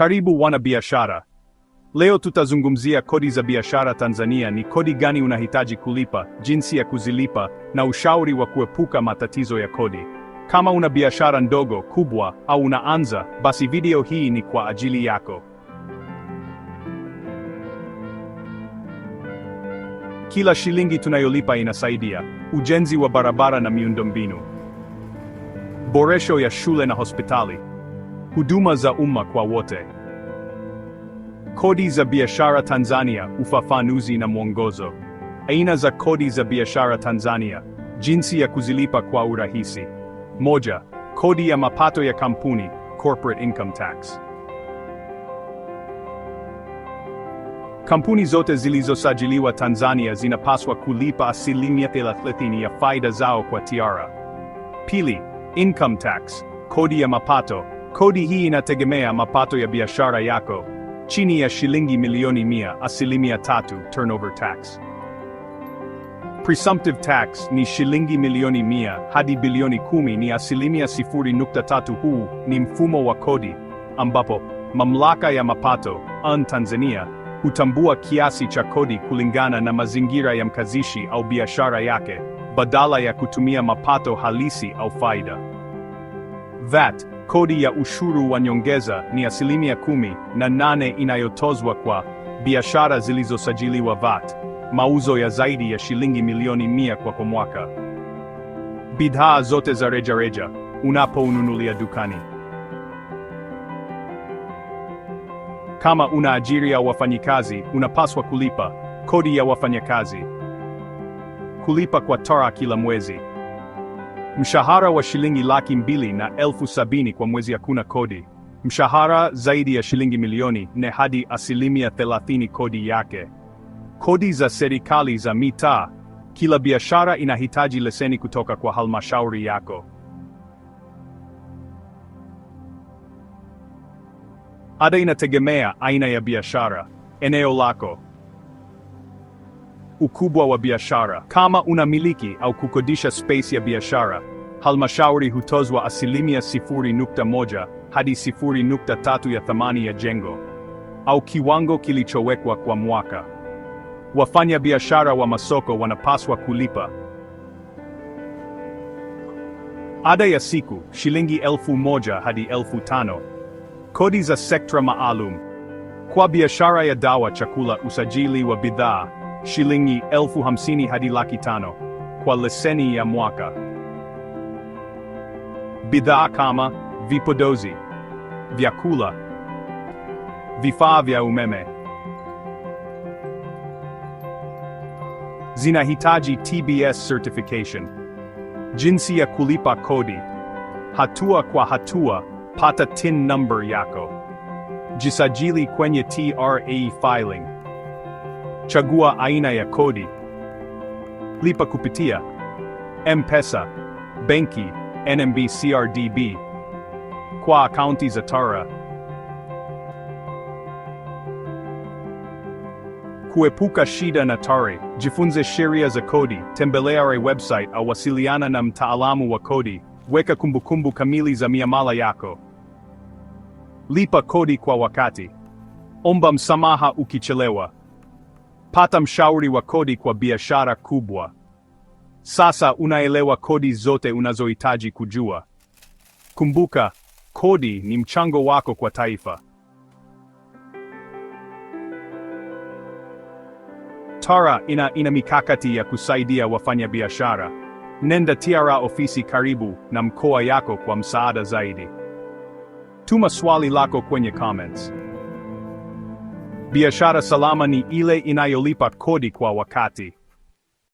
Karibu wana biashara. Leo tutazungumzia kodi za biashara Tanzania. Ni kodi gani unahitaji kulipa, jinsi ya kuzilipa na ushauri wa kuepuka matatizo ya kodi. Kama una biashara ndogo, kubwa au unaanza, basi video hii ni kwa ajili yako. Kila shilingi tunayolipa inasaidia ujenzi wa barabara na miundombinu, boresho ya shule na hospitali huduma za umma kwa wote, kodi za biashara Tanzania, ufafanuzi na mwongozo, aina za kodi za biashara Tanzania, jinsi ya kuzilipa kwa urahisi. Moja, kodi ya mapato ya kampuni, corporate income tax. Kampuni zote zilizosajiliwa Tanzania zinapaswa kulipa asilimia 30 ya faida zao kwa TIARA. Pili, income tax, kodi ya mapato Kodi hii inategemea mapato ya biashara yako, chini ya shilingi milioni mia, asilimia tatu turnover tax. Presumptive tax ni shilingi milioni mia hadi bilioni kumi ni asilimia sifuri nukta tatu. Huu ni mfumo wa kodi ambapo mamlaka ya mapato an Tanzania hutambua kiasi cha kodi kulingana na mazingira ya mkazishi au biashara yake badala ya kutumia mapato halisi au faida. VAT kodi ya ushuru wa nyongeza ni asilimia kumi na nane inayotozwa kwa biashara zilizosajiliwa VAT, mauzo ya zaidi ya shilingi milioni mia kwa mwaka. Bidhaa zote za rejareja unapoununulia dukani. Kama una ajiri ya wafanyikazi, unapaswa kulipa kodi ya wafanyakazi, kulipa kwa TARA kila mwezi. Mshahara wa shilingi laki mbili na elfu sabini kwa mwezi, hakuna kodi. Mshahara zaidi ya shilingi milioni ne hadi asilimia 30 kodi yake. Kodi za serikali za mitaa. Kila biashara inahitaji leseni kutoka kwa halmashauri yako. Ada inategemea aina ya biashara, eneo lako Ukubwa wa biashara. Kama unamiliki au kukodisha space ya biashara, halmashauri hutozwa asilimia moja hadi tatu ya thamani ya jengo au kiwango kilichowekwa kwa mwaka. Wafanya biashara wa masoko wanapaswa kulipa ada ya siku shilingi elfu moja hadi elfu tano kodi za sekta maalum kwa biashara ya dawa, chakula, usajili wa bidhaa shilingi elfu hamsini hadi laki tano kwa leseni ya mwaka. Bidhaa kama vipodozi, vyakula, vifaa vya umeme zinahitaji TBS certification. Jinsi ya kulipa kodi: hatua kwa hatua. Pata TIN number yako, jisajili kwenye TRA filing. Chagua aina ya kodi. Lipa kupitia M-Pesa, benki, NMB CRDB, kwa akaunti za Tara. Kuepuka shida na TARI, jifunze sheria za kodi, tembelea website au wasiliana na mtaalamu wa kodi. Weka kumbukumbu kamili za miamala yako. Lipa kodi kwa wakati. Omba msamaha ukichelewa. Pata mshauri wa kodi kwa biashara kubwa. Sasa unaelewa kodi zote unazohitaji kujua. Kumbuka, kodi ni mchango wako kwa taifa. TARA ina, ina mikakati ya kusaidia wafanyabiashara. Nenda TRA ofisi karibu na mkoa yako kwa msaada zaidi. Tuma swali lako kwenye comments. Biashara salama ni ile inayolipa kodi kwa wakati.